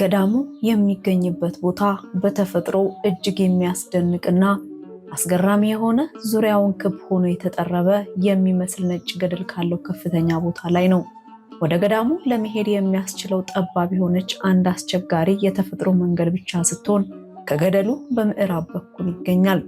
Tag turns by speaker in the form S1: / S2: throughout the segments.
S1: ገዳሙ የሚገኝበት ቦታ በተፈጥሮ እጅግ የሚያስደንቅና አስገራሚ የሆነ ዙሪያውን ክብ ሆኖ የተጠረበ የሚመስል ነጭ ገደል ካለው ከፍተኛ ቦታ ላይ ነው። ወደ ገዳሙ ለመሄድ የሚያስችለው ጠባብ የሆነች አንድ አስቸጋሪ የተፈጥሮ መንገድ ብቻ ስትሆን ከገደሉ በምዕራብ በኩል ይገኛል።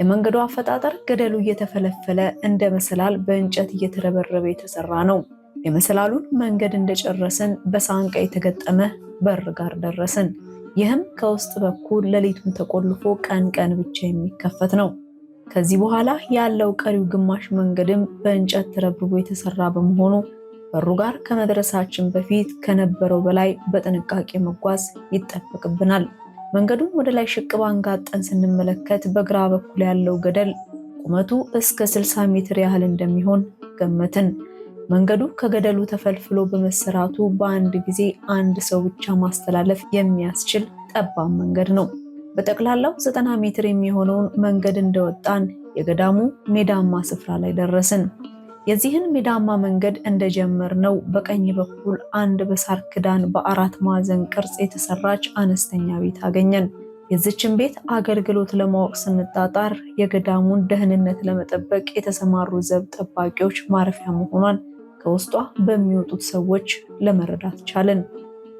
S1: የመንገዱ አፈጣጠር ገደሉ እየተፈለፈለ እንደ መሰላል በእንጨት እየተረበረበ የተሰራ ነው። የመሰላሉን መንገድ እንደጨረስን በሳንቃ የተገጠመ በር ጋር ደረስን። ይህም ከውስጥ በኩል ሌሊቱን ተቆልፎ ቀን ቀን ብቻ የሚከፈት ነው። ከዚህ በኋላ ያለው ቀሪው ግማሽ መንገድም በእንጨት ተረብርቦ የተሰራ በመሆኑ በሩ ጋር ከመድረሳችን በፊት ከነበረው በላይ በጥንቃቄ መጓዝ ይጠበቅብናል። መንገዱን ወደ ላይ ሽቅብ አንጋጠን ስንመለከት በግራ በኩል ያለው ገደል ቁመቱ እስከ 60 ሜትር ያህል እንደሚሆን ገመትን። መንገዱ ከገደሉ ተፈልፍሎ በመሰራቱ በአንድ ጊዜ አንድ ሰው ብቻ ማስተላለፍ የሚያስችል ጠባብ መንገድ ነው። በጠቅላላው ዘጠና ሜትር የሚሆነውን መንገድ እንደወጣን የገዳሙ ሜዳማ ስፍራ ላይ ደረስን። የዚህን ሜዳማ መንገድ እንደጀመርነው በቀኝ በኩል አንድ በሳር ክዳን በአራት ማዕዘን ቅርጽ የተሰራች አነስተኛ ቤት አገኘን። የዚችን ቤት አገልግሎት ለማወቅ ስንጣጣር የገዳሙን ደህንነት ለመጠበቅ የተሰማሩ ዘብ ጠባቂዎች ማረፊያ መሆኗን ከውስጧ በሚወጡት ሰዎች ለመረዳት ቻልን።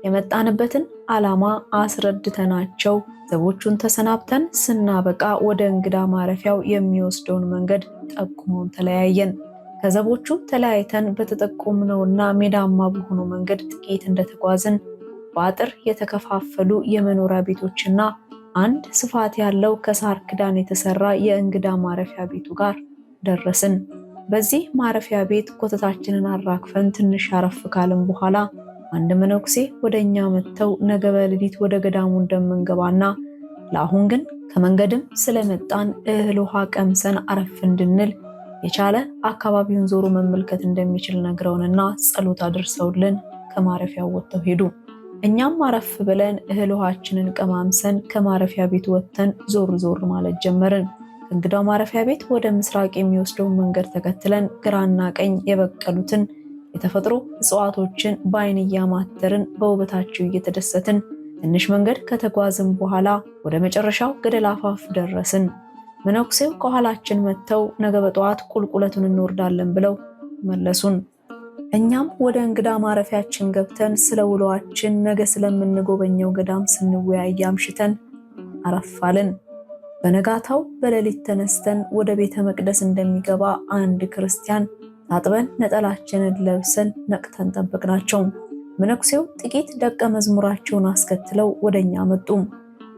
S1: የመጣንበትን ዓላማ አስረድተናቸው ዘቦቹን ተሰናብተን ስናበቃ ወደ እንግዳ ማረፊያው የሚወስደውን መንገድ ጠቁመውን ተለያየን። ከዘቦቹ ተለያይተን በተጠቆምነውና ሜዳማ በሆነው መንገድ ጥቂት እንደተጓዝን በአጥር የተከፋፈሉ የመኖሪያ ቤቶችና አንድ ስፋት ያለው ከሳር ክዳን የተሰራ የእንግዳ ማረፊያ ቤቱ ጋር ደረስን። በዚህ ማረፊያ ቤት ኮተታችንን አራክፈን ትንሽ አረፍ ካልን በኋላ አንድ መነኩሴ ወደ እኛ መጥተው ነገ በሌሊት ወደ ገዳሙ እንደምንገባና ለአሁን ግን ከመንገድም ስለመጣን እህል ውሃ ቀምሰን አረፍ እንድንል የቻለ አካባቢውን ዞሮ መመልከት እንደሚችል ነግረውንና ጸሎት አድርሰውልን ከማረፊያው ወጥተው ሄዱ። እኛም አረፍ ብለን እህል ውሃችንን ቀማምሰን ከማረፊያ ቤት ወጥተን ዞር ዞር ማለት ጀመርን። እንግዳው ማረፊያ ቤት ወደ ምስራቅ የሚወስደውን መንገድ ተከትለን ግራና ቀኝ የበቀሉትን የተፈጥሮ እጽዋቶችን በአይን እያማተርን በውበታቸው እየተደሰትን ትንሽ መንገድ ከተጓዝን በኋላ ወደ መጨረሻው ገደል አፋፍ ደረስን። መነኩሴው ከኋላችን መጥተው ነገ በጠዋት ቁልቁለቱን እንወርዳለን ብለው መለሱን። እኛም ወደ እንግዳ ማረፊያችን ገብተን ስለ ውሏችን ነገ ስለምንጎበኘው ገዳም ስንወያይ አምሽተን አረፋልን። በነጋታው በሌሊት ተነስተን ወደ ቤተ መቅደስ እንደሚገባ አንድ ክርስቲያን ታጥበን ነጠላችንን ለብሰን ነቅተን ጠበቅናቸው። መነኩሴው ጥቂት ደቀ መዝሙራቸውን አስከትለው ወደ እኛ መጡም።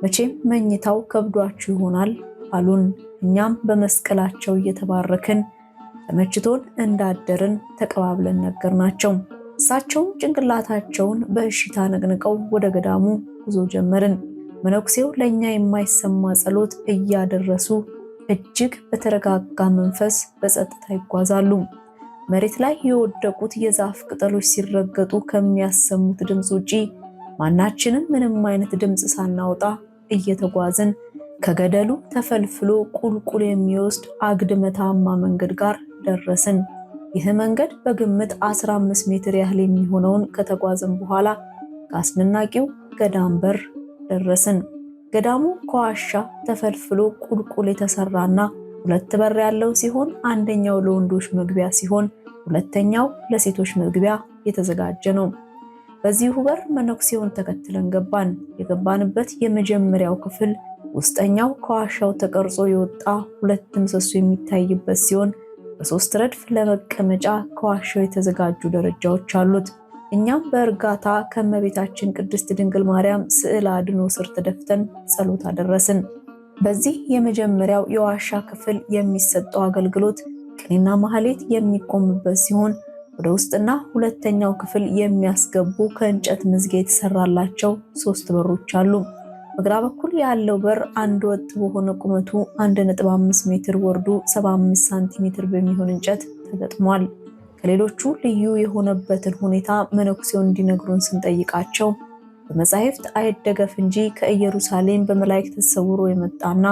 S1: መቼም መኝታው ከብዷችሁ ይሆናል አሉን። እኛም በመስቀላቸው እየተባረክን ተመችቶን እንዳደርን ተቀባብለን ነገርናቸው። እሳቸውም ጭንቅላታቸውን በእሽታ ነቅንቀው ወደ ገዳሙ ጉዞ ጀመርን። መነኩሴው ለእኛ የማይሰማ ጸሎት እያደረሱ እጅግ በተረጋጋ መንፈስ በጸጥታ ይጓዛሉ። መሬት ላይ የወደቁት የዛፍ ቅጠሎች ሲረገጡ ከሚያሰሙት ድምፅ ውጪ ማናችንም ምንም አይነት ድምፅ ሳናወጣ እየተጓዝን ከገደሉ ተፈልፍሎ ቁልቁል የሚወስድ አግድመታማ መንገድ ጋር ደረስን። ይህ መንገድ በግምት 15 ሜትር ያህል የሚሆነውን ከተጓዝን በኋላ ከአስደናቂው ገዳም በር ደረስን። ገዳሙ ከዋሻ ተፈልፍሎ ቁልቁል የተሰራና ሁለት በር ያለው ሲሆን አንደኛው ለወንዶች መግቢያ ሲሆን ሁለተኛው ለሴቶች መግቢያ የተዘጋጀ ነው። በዚሁ በር መነኩሴውን ተከትለን ገባን። የገባንበት የመጀመሪያው ክፍል ውስጠኛው ከዋሻው ተቀርጾ የወጣ ሁለት ምሰሶ የሚታይበት ሲሆን በሶስት ረድፍ ለመቀመጫ ከዋሻው የተዘጋጁ ደረጃዎች አሉት። እኛም በእርጋታ ከእመቤታችን ቅድስት ድንግል ማርያም ስዕል አድኖ ስር ተደፍተን ጸሎት አደረስን። በዚህ የመጀመሪያው የዋሻ ክፍል የሚሰጠው አገልግሎት ቅኔና ማህሌት የሚቆምበት ሲሆን ወደ ውስጥና ሁለተኛው ክፍል የሚያስገቡ ከእንጨት መዝጊያ የተሰራላቸው ሶስት በሮች አሉ። በግራ በኩል ያለው በር አንድ ወጥ በሆነ ቁመቱ 1.5 ሜትር ወርዱ 75 ሳንቲሜትር በሚሆን እንጨት ተገጥሟል። ከሌሎቹ ልዩ የሆነበትን ሁኔታ መነኩሴው እንዲነግሩን ስንጠይቃቸው በመጻሕፍት አይደገፍ እንጂ ከኢየሩሳሌም በመላእክት ተሰውሮ የመጣና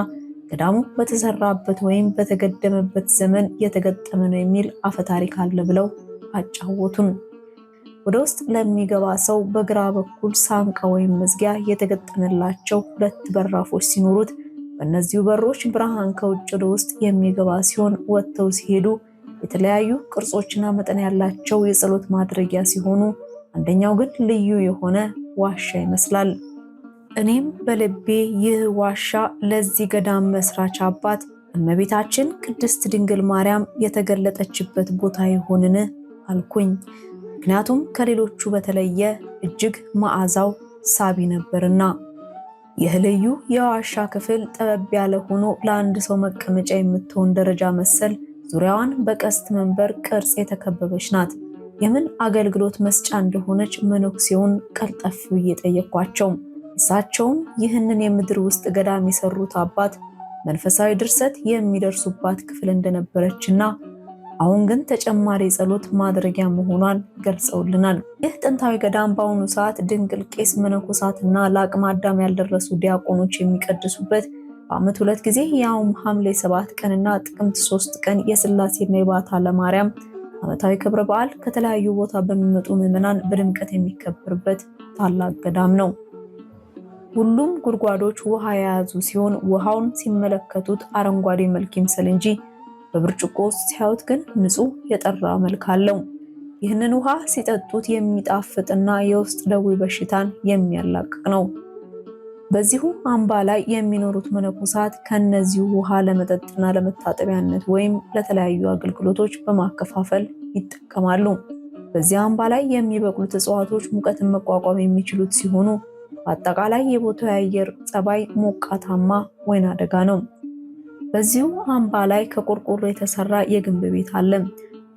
S1: ገዳሙ በተሰራበት ወይም በተገደመበት ዘመን የተገጠመ ነው የሚል አፈታሪክ አለ ብለው አጫወቱን። ወደ ውስጥ ለሚገባ ሰው በግራ በኩል ሳንቃ ወይም መዝጊያ የተገጠመላቸው ሁለት በራፎች ሲኖሩት በእነዚሁ በሮች ብርሃን ከውጭ ወደ ውስጥ የሚገባ ሲሆን ወጥተው ሲሄዱ የተለያዩ ቅርጾችና መጠን ያላቸው የጸሎት ማድረጊያ ሲሆኑ አንደኛው ግን ልዩ የሆነ ዋሻ ይመስላል። እኔም በልቤ ይህ ዋሻ ለዚህ ገዳም መስራች አባት እመቤታችን ቅድስት ድንግል ማርያም የተገለጠችበት ቦታ ይሆንን አልኩኝ። ምክንያቱም ከሌሎቹ በተለየ እጅግ መዓዛው ሳቢ ነበርና። ይህ ልዩ የዋሻ ክፍል ጠበብ ያለ ሆኖ ለአንድ ሰው መቀመጫ የምትሆን ደረጃ መሰል ዙሪያዋን በቀስት መንበር ቅርጽ የተከበበች ናት። የምን አገልግሎት መስጫ እንደሆነች መነኩሴውን ቀልጠፍ እየጠየኳቸው እሳቸውም ይህንን የምድር ውስጥ ገዳም የሰሩት አባት መንፈሳዊ ድርሰት የሚደርሱባት ክፍል እንደነበረችና አሁን ግን ተጨማሪ ጸሎት ማድረጊያ መሆኗን ገልጸውልናል። ይህ ጥንታዊ ገዳም በአሁኑ ሰዓት ድንግል ቄስ መነኮሳትና ለአቅመ አዳም ያልደረሱ ዲያቆኖች የሚቀድሱበት በዓመት ሁለት ጊዜ ያውም ሐምሌ ሰባት ቀንና ጥቅምት ሶስት ቀን የስላሴና የባታ ለማርያም ዓመታዊ ክብረ በዓል ከተለያዩ ቦታ በሚመጡ ምዕመናን በድምቀት የሚከበርበት ታላቅ ገዳም ነው። ሁሉም ጉድጓዶች ውሃ የያዙ ሲሆን ውሃውን ሲመለከቱት አረንጓዴ መልክ ይምሰል እንጂ በብርጭቆ ውስጥ ሲያዩት ግን ንጹህ የጠራ መልክ አለው። ይህንን ውሃ ሲጠጡት የሚጣፍጥና የውስጥ ደዌ በሽታን የሚያላቅቅ ነው። በዚሁ አምባ ላይ የሚኖሩት መነኮሳት ከነዚሁ ውሃ ለመጠጥና ለመታጠቢያነት ወይም ለተለያዩ አገልግሎቶች በማከፋፈል ይጠቀማሉ። በዚህ አምባ ላይ የሚበቅሉት እጽዋቶች ሙቀትን መቋቋም የሚችሉት ሲሆኑ በአጠቃላይ የቦታው የአየር ጸባይ ሞቃታማ ወይና ደጋ ነው። በዚሁ አምባ ላይ ከቆርቆሮ የተሰራ የግንብ ቤት አለ።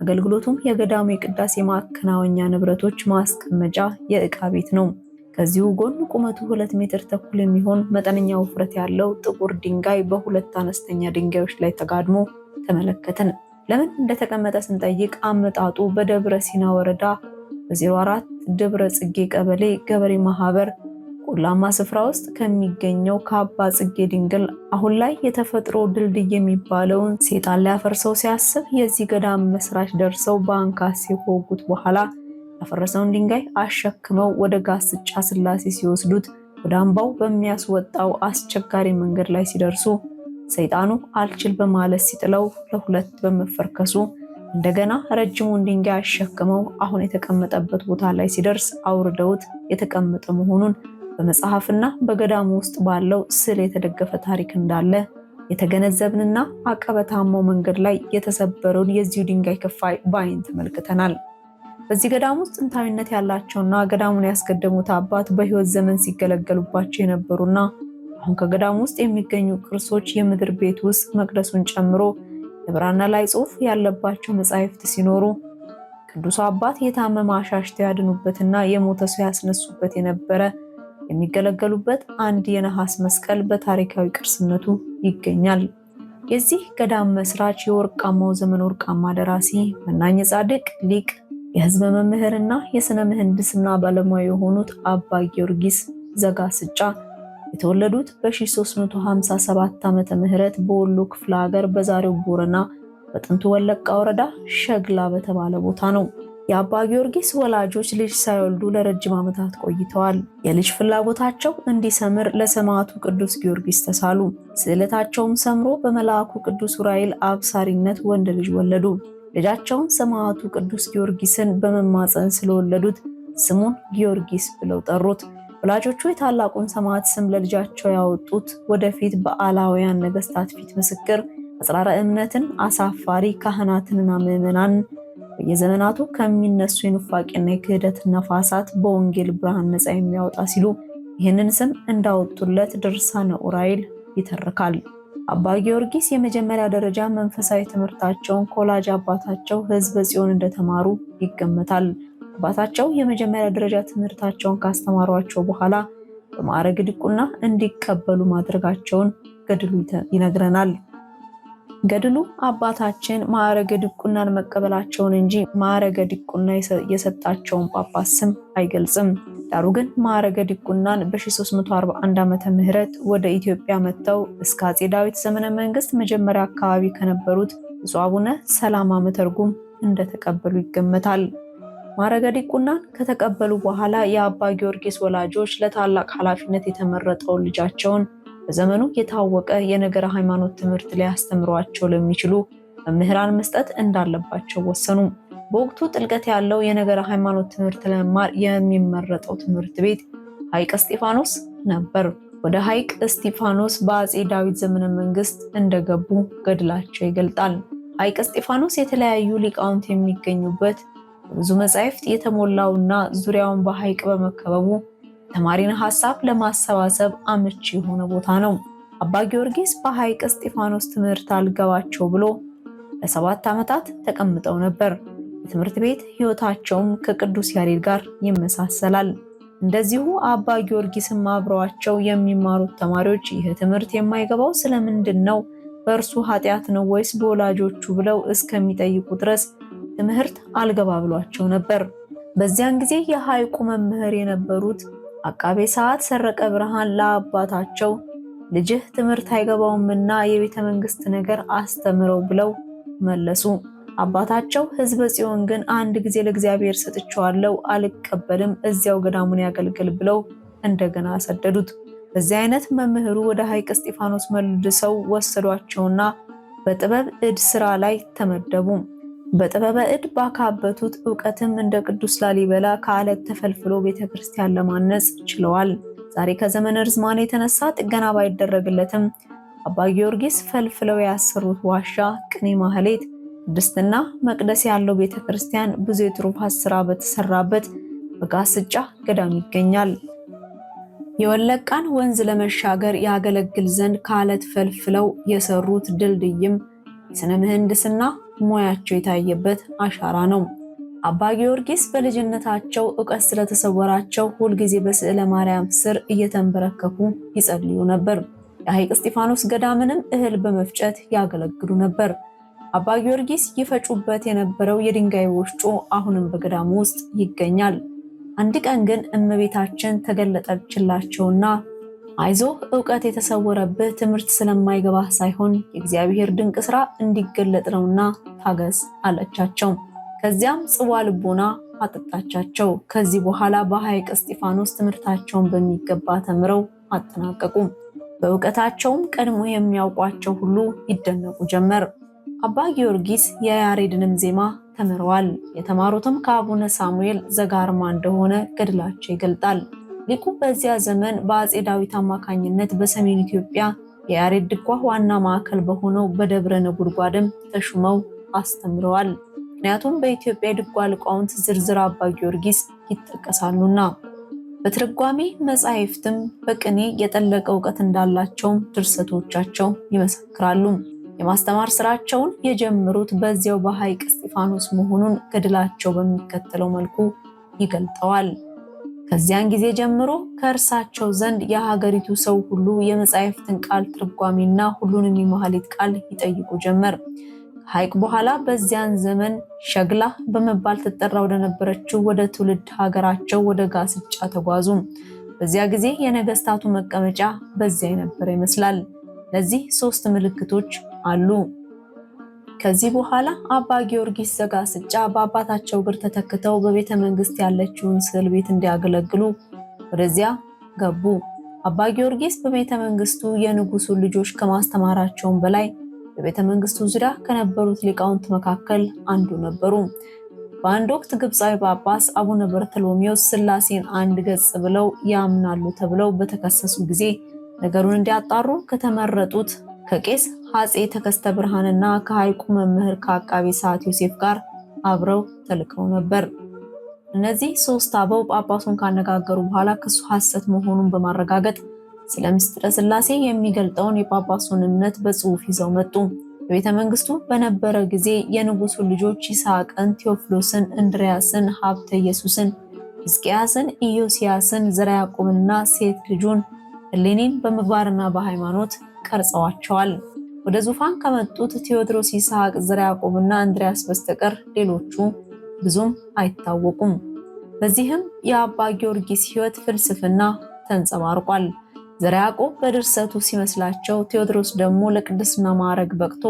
S1: አገልግሎቱም የገዳሙ የቅዳሴ ማከናወኛ ንብረቶች ማስቀመጫ የእቃ ቤት ነው። ከዚሁ ጎን ቁመቱ ሁለት ሜትር ተኩል የሚሆን መጠነኛ ውፍረት ያለው ጥቁር ድንጋይ በሁለት አነስተኛ ድንጋዮች ላይ ተጋድሞ ተመለከትን። ለምን እንደተቀመጠ ስንጠይቅ አመጣጡ በደብረ ሲና ወረዳ በ04 ደብረ ጽጌ ቀበሌ ገበሬ ማህበር ቆላማ ስፍራ ውስጥ ከሚገኘው ከአባ ጽጌ ድንግል አሁን ላይ የተፈጥሮ ድልድይ የሚባለውን ሴጣን ሊያፈርሰው ሲያስብ የዚህ ገዳም መስራች ደርሰው በአንካሴ ከወጉት በኋላ ያፈረሰውን ድንጋይ አሸክመው ወደ ጋስጫ ስላሴ ሲወስዱት ወደ አምባው በሚያስወጣው አስቸጋሪ መንገድ ላይ ሲደርሱ ሰይጣኑ አልችል በማለት ሲጥለው ለሁለት በመፈርከሱ እንደገና ረጅሙን ድንጋይ አሸክመው አሁን የተቀመጠበት ቦታ ላይ ሲደርስ አውርደውት የተቀመጠ መሆኑን በመጽሐፍና በገዳሙ ውስጥ ባለው ስዕል የተደገፈ ታሪክ እንዳለ የተገነዘብንና አቀበታማው መንገድ ላይ የተሰበረውን የዚሁ ድንጋይ ክፋይ በአይን ተመልክተናል። በዚህ ገዳም ውስጥ ጥንታዊነት ያላቸውና ገዳሙን ያስገደሙት አባት በሕይወት ዘመን ሲገለገሉባቸው የነበሩና አሁን ከገዳሙ ውስጥ የሚገኙ ቅርሶች የምድር ቤት ውስጥ መቅደሱን ጨምሮ የብራና ላይ ጽሑፍ ያለባቸው መጻሕፍት ሲኖሩ ቅዱሱ አባት የታመመ አሻሽተው ያድኑበትና የሞተ ሰው ያስነሱበት የነበረ የሚገለገሉበት አንድ የነሐስ መስቀል በታሪካዊ ቅርስነቱ ይገኛል። የዚህ ገዳም መስራች የወርቃማው ዘመን ወርቃማ ደራሲ መናኝ ጻድቅ ሊቅ የህዝብ መምህርና የሥነ ምህንድስና ባለሙያ የሆኑት አባ ጊዮርጊስ ዘጋስጫ የተወለዱት በ357 ዓ ም በወሎ ክፍለ ሀገር በዛሬው ቦረና በጥንቱ ወለቃ ወረዳ ሸግላ በተባለ ቦታ ነው። የአባ ጊዮርጊስ ወላጆች ልጅ ሳይወልዱ ለረጅም ዓመታት ቆይተዋል። የልጅ ፍላጎታቸው እንዲሰምር ለሰማዕቱ ቅዱስ ጊዮርጊስ ተሳሉ። ስዕለታቸውም ሰምሮ በመልአኩ ቅዱስ ዑራኤል አብሳሪነት ወንድ ልጅ ወለዱ። ልጃቸውን ሰማዕቱ ቅዱስ ጊዮርጊስን በመማፀን ስለወለዱት ስሙን ጊዮርጊስ ብለው ጠሩት። ወላጆቹ የታላቁን ሰማዕት ስም ለልጃቸው ያወጡት ወደፊት በአላውያን ነገስታት ፊት ምስክር፣ አጽራረ እምነትን አሳፋሪ ካህናትንና ምዕመናን በየዘመናቱ ከሚነሱ የኑፋቄና የክህደት ነፋሳት በወንጌል ብርሃን ነፃ የሚያወጣ ሲሉ ይህንን ስም እንዳወጡለት ድርሳነ ዑራኤል ይተርካል። አባ ጊዮርጊስ የመጀመሪያ ደረጃ መንፈሳዊ ትምህርታቸውን ከወላጅ አባታቸው ሕዝበ ጽዮን እንደተማሩ ይገመታል። አባታቸው የመጀመሪያ ደረጃ ትምህርታቸውን ካስተማሯቸው በኋላ በማዕረግ ድቁና እንዲቀበሉ ማድረጋቸውን ገድሉ ይነግረናል። ገድሉ አባታችን ማዕረገ ድቁናን መቀበላቸውን እንጂ ማዕረገ ዲቁና የሰጣቸውን ጳጳስ ስም አይገልጽም። ዳሩ ግን ማዕረገ ዲቁናን በ341 ዓመተ ምህረት ወደ ኢትዮጵያ መጥተው እስከ አጼ ዳዊት ዘመነ መንግስት መጀመሪያ አካባቢ ከነበሩት ብፁዕ አቡነ ሰላማ መተርጉም እንደተቀበሉ ይገመታል። ማዕረገ ዲቁናን ከተቀበሉ በኋላ የአባ ጊዮርጊስ ወላጆች ለታላቅ ኃላፊነት የተመረጠውን ልጃቸውን በዘመኑ የታወቀ የነገረ ሃይማኖት ትምህርት ሊያስተምሯቸው ለሚችሉ መምህራን መስጠት እንዳለባቸው ወሰኑ። በወቅቱ ጥልቀት ያለው የነገረ ሃይማኖት ትምህርት ለመማር የሚመረጠው ትምህርት ቤት ሐይቅ እስጢፋኖስ ነበር። ወደ ሐይቅ እስጢፋኖስ በአጼ ዳዊት ዘመነ መንግስት እንደገቡ ገድላቸው ይገልጣል። ሐይቅ እስጢፋኖስ የተለያዩ ሊቃውንት የሚገኙበት ብዙ መጻሕፍት የተሞላውና ዙሪያውን በሐይቅ በመከበቡ ተማሪን ሐሳብ ለማሰባሰብ አመቺ የሆነ ቦታ ነው። አባ ጊዮርጊስ በሐይቅ እስጢፋኖስ ትምህርት አልገባቸው ብሎ ለሰባት ዓመታት ተቀምጠው ነበር። የትምህርት ቤት ህይወታቸውም ከቅዱስ ያሬድ ጋር ይመሳሰላል። እንደዚሁ አባ ጊዮርጊስም አብረዋቸው የሚማሩት ተማሪዎች ይህ ትምህርት የማይገባው ስለምንድን ነው? በእርሱ ኃጢአት ነው ወይስ በወላጆቹ ብለው እስከሚጠይቁ ድረስ ትምህርት አልገባ ብሏቸው ነበር። በዚያን ጊዜ የሐይቁ መምህር የነበሩት አቃቤ ሰዓት ሰረቀ ብርሃን ለአባታቸው ልጅህ ትምህርት አይገባውምና የቤተ መንግስት ነገር አስተምረው ብለው መለሱ። አባታቸው ህዝበ ጽዮን ግን አንድ ጊዜ ለእግዚአብሔር ሰጥቼዋለሁ፣ አልቀበልም፣ እዚያው ገዳሙን ያገልግል ብለው እንደገና ሰደዱት። በዚህ አይነት መምህሩ ወደ ሐይቅ እስጢፋኖስ መልሰው ወሰዷቸውና በጥበብ ዕድ ስራ ላይ ተመደቡ። በጥበበ ዕድ ባካበቱት እውቀትም እንደ ቅዱስ ላሊበላ ከአለት ተፈልፍሎ ቤተ ክርስቲያን ለማነጽ ችለዋል። ዛሬ ከዘመነ ርዝማኔ የተነሳ ጥገና ባይደረግለትም አባ ጊዮርጊስ ፈልፍለው ያሰሩት ዋሻ ቅኔ ማህሌት ቅድስትና መቅደስ ያለው ቤተ ክርስቲያን ብዙ የትሩፋት ስራ በተሰራበት በጋስጫ ገዳም ይገኛል። የወለቃን ወንዝ ለመሻገር ያገለግል ዘንድ ከአለት ፈልፍለው የሰሩት ድልድይም ስነ ምህንድስና ሙያቸው የታየበት አሻራ ነው። አባ ጊዮርጊስ በልጅነታቸው እውቀት ስለተሰወራቸው ሁልጊዜ በስዕለ ማርያም ስር እየተንበረከኩ ይጸልዩ ነበር። የሐይቅ እስጢፋኖስ ገዳምንም እህል በመፍጨት ያገለግሉ ነበር። አባ ጊዮርጊስ ይፈጩበት የነበረው የድንጋይ ወፍጮ አሁንም በገዳሙ ውስጥ ይገኛል። አንድ ቀን ግን እመቤታችን ተገለጠችላቸውና አይዞህ እውቀት የተሰወረብህ ትምህርት ስለማይገባህ ሳይሆን የእግዚአብሔር ድንቅ ስራ እንዲገለጥ ነውና ታገስ አለቻቸው። ከዚያም ጽዋ ልቦና አጠጣቻቸው። ከዚህ በኋላ በሐይቅ እስጢፋኖስ ትምህርታቸውን በሚገባ ተምረው አጠናቀቁ። በእውቀታቸውም ቀድሞ የሚያውቋቸው ሁሉ ይደነቁ ጀመር። አባ ጊዮርጊስ የያሬድንም ዜማ ተምረዋል። የተማሩትም ከአቡነ ሳሙኤል ዘጋርማ እንደሆነ ገድላቸው ይገልጣል። ሊቁ በዚያ ዘመን በአጼ ዳዊት አማካኝነት በሰሜን ኢትዮጵያ የያሬድ ድጓ ዋና ማዕከል በሆነው በደብረ ነጎድጓድም ተሹመው አስተምረዋል። ምክንያቱም በኢትዮጵያ የድጓ ሊቃውንት ዝርዝር አባ ጊዮርጊስ ይጠቀሳሉና። በትርጓሜ መጻሕፍትም በቅኔ የጠለቀ እውቀት እንዳላቸውም ድርሰቶቻቸው ይመሰክራሉ። የማስተማር ስራቸውን የጀመሩት በዚያው በሐይቅ እስጢፋኖስ መሆኑን ገድላቸው በሚከተለው መልኩ ይገልጠዋል። ከዚያን ጊዜ ጀምሮ ከእርሳቸው ዘንድ የሀገሪቱ ሰው ሁሉ የመጻሕፍትን ቃል ትርጓሜና ሁሉንም የመሐሌት ቃል ይጠይቁ ጀመር። ከሐይቅ በኋላ በዚያን ዘመን ሸግላ በመባል ትጠራ ወደነበረችው ወደ ትውልድ ሀገራቸው ወደ ጋስጫ ተጓዙ። በዚያ ጊዜ የነገስታቱ መቀመጫ በዚያ የነበረ ይመስላል። ለዚህ ሶስት ምልክቶች አሉ። ከዚህ በኋላ አባ ጊዮርጊስ ዘጋስጫ በአባታቸው እግር ተተክተው በቤተ መንግስት ያለችውን ስዕል ቤት እንዲያገለግሉ ወደዚያ ገቡ። አባ ጊዮርጊስ በቤተ መንግስቱ የንጉሱን ልጆች ከማስተማራቸውም በላይ በቤተ መንግስቱ ዙሪያ ከነበሩት ሊቃውንት መካከል አንዱ ነበሩ። በአንድ ወቅት ግብፃዊ ጳጳስ አቡነ በርተሎሜዎስ ስላሴን አንድ ገጽ ብለው ያምናሉ ተብለው በተከሰሱ ጊዜ ነገሩን እንዲያጣሩ ከተመረጡት ከቄስ አፄ ተከስተ ብርሃንና ከሐይቁ መምህር ከአቃቢ ሰዓት ዮሴፍ ጋር አብረው ተልከው ነበር። እነዚህ ሶስት አበው ጳጳሱን ካነጋገሩ በኋላ ክሱ ሐሰት መሆኑን በማረጋገጥ ስለ ምስጢረ ስላሴ የሚገልጠውን የጳጳሱን እምነት በጽሑፍ ይዘው መጡ። በቤተ መንግስቱ በነበረ ጊዜ የንጉሱ ልጆች ይስሐቅን፣ ቴዎፍሎስን፣ እንድሪያስን፣ ሀብተ ኢየሱስን፣ ሕዝቅያስን፣ ኢዮስያስን፣ ዘርዓ ያዕቆብንና ሴት ልጁን እሌኒን በምግባርና በሃይማኖት ቀርጸዋቸዋል። ወደ ዙፋን ከመጡት ቴዎድሮስ፣ ይስሐቅ፣ ዘርዓ ያዕቆብና አንድሪያስ በስተቀር ሌሎቹ ብዙም አይታወቁም። በዚህም የአባ ጊዮርጊስ ሕይወት ፍልስፍና ተንጸባርቋል። ዘርዓ ያዕቆብ በድርሰቱ ሲመስላቸው፣ ቴዎድሮስ ደግሞ ለቅድስና ማዕረግ በቅቶ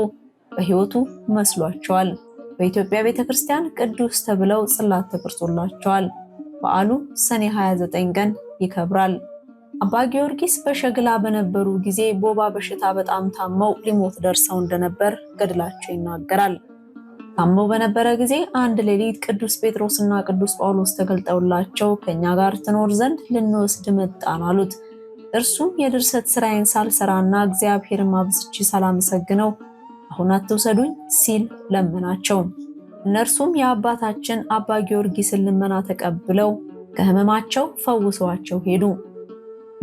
S1: በሕይወቱ መስሏቸዋል። በኢትዮጵያ ቤተ ክርስቲያን ቅዱስ ተብለው ጽላት ተቀርጾላቸዋል። በዓሉ ሰኔ 29 ቀን ይከብራል። አባ ጊዮርጊስ በሸግላ በነበሩ ጊዜ ቦባ በሽታ በጣም ታመው ሊሞት ደርሰው እንደነበር ገድላቸው ይናገራል። ታመው በነበረ ጊዜ አንድ ሌሊት ቅዱስ ጴጥሮስና ቅዱስ ጳውሎስ ተገልጠውላቸው ከእኛ ጋር ትኖር ዘንድ ልንወስድ መጣን አሉት። እርሱም የድርሰት ስራዬን ሳልሰራና እግዚአብሔር ማብዝቼ ሳላመሰግነው አሁን አትውሰዱኝ ሲል ለመናቸው። እነርሱም የአባታችን አባ ጊዮርጊስን ልመና ተቀብለው ከህመማቸው ፈውሰዋቸው ሄዱ።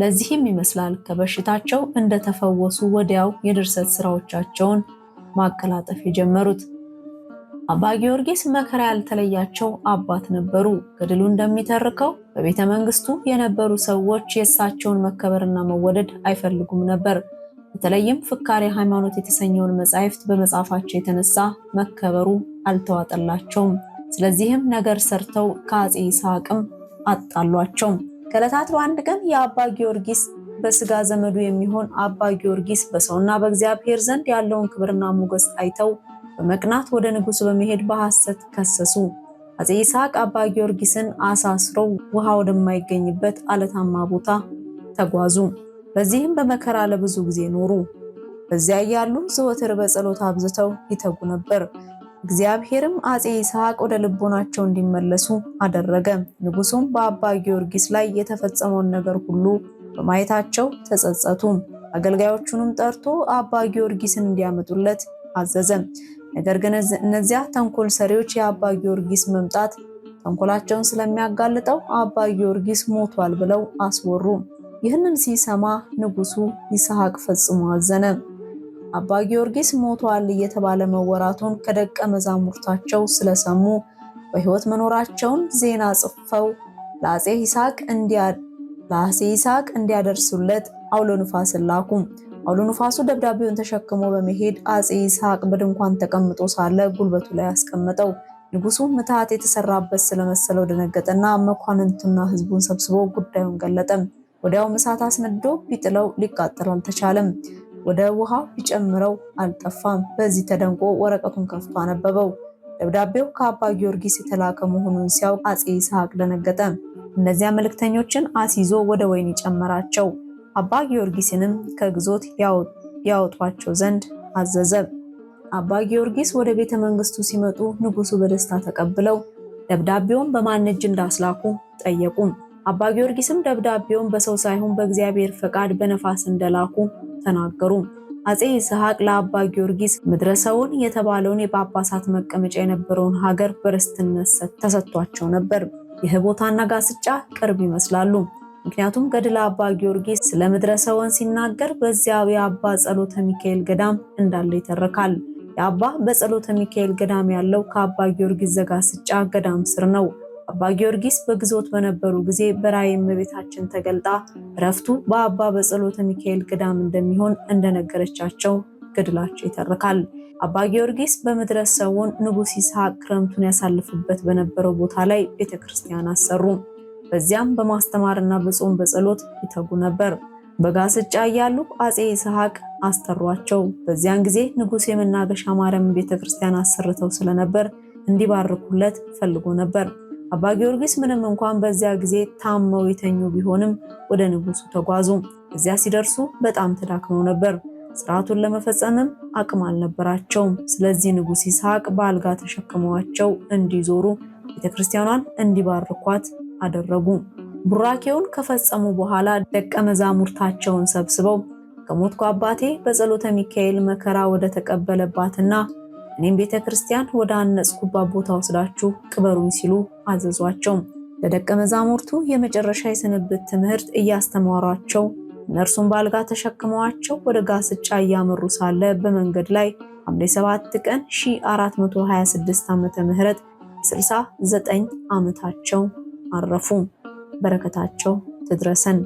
S1: ለዚህም ይመስላል ከበሽታቸው እንደተፈወሱ ወዲያው የድርሰት ስራዎቻቸውን ማቀላጠፍ የጀመሩት። አባ ጊዮርጊስ መከራ ያልተለያቸው አባት ነበሩ። ገድሉ እንደሚተርከው በቤተ መንግስቱ የነበሩ ሰዎች የእሳቸውን መከበርና መወደድ አይፈልጉም ነበር። በተለይም ፍካሬ ሃይማኖት የተሰኘውን መጻሕፍት በመጻፋቸው የተነሳ መከበሩ አልተዋጠላቸውም። ስለዚህም ነገር ሰርተው ከአፄ ይስሐቅም አጣሏቸውም። ከዕለታት በአንድ ቀን የአባ ጊዮርጊስ በስጋ ዘመዱ የሚሆን አባ ጊዮርጊስ በሰውና በእግዚአብሔር ዘንድ ያለውን ክብርና ሞገስ አይተው በመቅናት ወደ ንጉሱ በመሄድ በሐሰት ከሰሱ። አፄ ይስሐቅ አባ ጊዮርጊስን አሳስረው ውሃ ወደማይገኝበት አለታማ ቦታ ተጓዙ። በዚህም በመከራ ለብዙ ጊዜ ኖሩ። በዚያ እያሉ ዘወትር በጸሎት አብዝተው ይተጉ ነበር። እግዚአብሔርም አጼ ይስሐቅ ወደ ልቦናቸው እንዲመለሱ አደረገ። ንጉሱም በአባ ጊዮርጊስ ላይ የተፈጸመውን ነገር ሁሉ በማየታቸው ተጸጸቱ። አገልጋዮቹንም ጠርቶ አባ ጊዮርጊስን እንዲያመጡለት አዘዘ። ነገር ግን እነዚያ ተንኮል ሰሪዎች የአባ ጊዮርጊስ መምጣት ተንኮላቸውን ስለሚያጋልጠው አባ ጊዮርጊስ ሞቷል ብለው አስወሩ። ይህንን ሲሰማ ንጉሱ ይስሐቅ ፈጽሞ አዘነ። አባ ጊዮርጊስ ሞቷል እየተባለ መወራቱን ከደቀ መዛሙርታቸው ስለሰሙ በሕይወት መኖራቸውን ዜና ጽፈው ለአጼ ይስሐቅ እንዲያደርሱለት አውሎ ንፋስን ላኩ። አውሎ ንፋሱ ደብዳቤውን ተሸክሞ በመሄድ አጼ ይስሐቅ በድንኳን ተቀምጦ ሳለ ጉልበቱ ላይ አስቀመጠው። ንጉሱ ምትሃት የተሰራበት ስለመሰለው ደነገጠና መኳንንቱና ህዝቡን ሰብስቦ ጉዳዩን ገለጠ። ወዲያው እሳት አስነድዶ ቢጥለው ሊቃጠል አልተቻለም። ወደ ውሃ ቢጨምረው አልጠፋም። በዚህ ተደንቆ ወረቀቱን ከፍቶ አነበበው። ደብዳቤው ከአባ ጊዮርጊስ የተላከ መሆኑን ሲያውቅ አጼ ይስሐቅ ደነገጠ። እነዚያ መልእክተኞችን አስይዞ ወደ ወይን ጨመራቸው። አባ ጊዮርጊስንም ከግዞት ያወጧቸው ዘንድ አዘዘ። አባ ጊዮርጊስ ወደ ቤተ መንግስቱ ሲመጡ ንጉሱ በደስታ ተቀብለው ደብዳቤውን በማን እጅ እንዳስላኩ ጠየቁም! አባ ጊዮርጊስም ደብዳቤውን በሰው ሳይሆን በእግዚአብሔር ፈቃድ በነፋስ እንደላኩ ተናገሩ። አፄ ይስሐቅ ለአባ ጊዮርጊስ ምድረሰውን የተባለውን የጳጳሳት መቀመጫ የነበረውን ሀገር በርስትነት ተሰጥቷቸው ነበር። ይህ ቦታና ጋስጫ ቅርብ ይመስላሉ። ምክንያቱም ገድለ አባ ጊዮርጊስ ስለ ምድረሰውን ሲናገር በዚያው የአባ ጸሎተ ሚካኤል ገዳም እንዳለ ይተረካል። የአባ በጸሎተ ሚካኤል ገዳም ያለው ከአባ ጊዮርጊስ ዘጋስጫ ገዳም ስር ነው። አባ ጊዮርጊስ በግዞት በነበሩ ጊዜ በራእይ እመቤታችን ተገልጣ እረፍቱ በአባ በጸሎተ ሚካኤል ገዳም እንደሚሆን እንደነገረቻቸው ገድላቸው ይተርካል። አባ ጊዮርጊስ በምድረ ሰውን ንጉሥ ይስሐቅ ክረምቱን ያሳልፉበት በነበረው ቦታ ላይ ቤተ ክርስቲያን አሰሩ። በዚያም በማስተማርና በጾም በጸሎት ይተጉ ነበር። በጋስጫ እያሉ አጼ ይስሐቅ አስጠሯቸው። በዚያን ጊዜ ንጉሥ የመናገሻ ማርያም ቤተ ክርስቲያን አሰርተው ስለነበር እንዲባርኩለት ፈልጎ ነበር። አባ ጊዮርጊስ ምንም እንኳን በዚያ ጊዜ ታመው የተኙ ቢሆንም ወደ ንጉሱ ተጓዙ። እዚያ ሲደርሱ በጣም ተዳክመው ነበር። ስርዓቱን ለመፈጸምም አቅም አልነበራቸውም። ስለዚህ ንጉሥ ይስሐቅ በአልጋ ተሸክመዋቸው እንዲዞሩ ቤተክርስቲያኗን እንዲባርኳት አደረጉ። ቡራኬውን ከፈጸሙ በኋላ ደቀ መዛሙርታቸውን ሰብስበው ከሞትኩ አባቴ በጸሎተ ሚካኤል መከራ ወደ ተቀበለባትና እኔም ቤተ ክርስቲያን ወደ አነጽኩባት ቦታ ወስዳችሁ ቅበሩኝ ሲሉ አዘዟቸው። ለደቀ መዛሙርቱ የመጨረሻ የስንብት ትምህርት እያስተማሯቸው እነርሱም በአልጋ ተሸክመዋቸው ወደ ጋስጫ እያመሩ ሳለ በመንገድ ላይ ሐምሌ 7 ቀን 1426 ዓ ም 69 ዓመታቸው አረፉ። በረከታቸው ትድረሰን።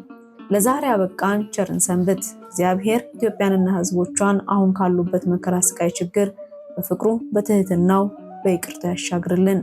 S1: ለዛሬ አበቃን። ቸርን ሰንብት። እግዚአብሔር ኢትዮጵያንና ሕዝቦቿን አሁን ካሉበት መከራ፣ ስቃይ፣ ችግር በፍቅሩ በትህትናው በይቅርታ ያሻግርልን።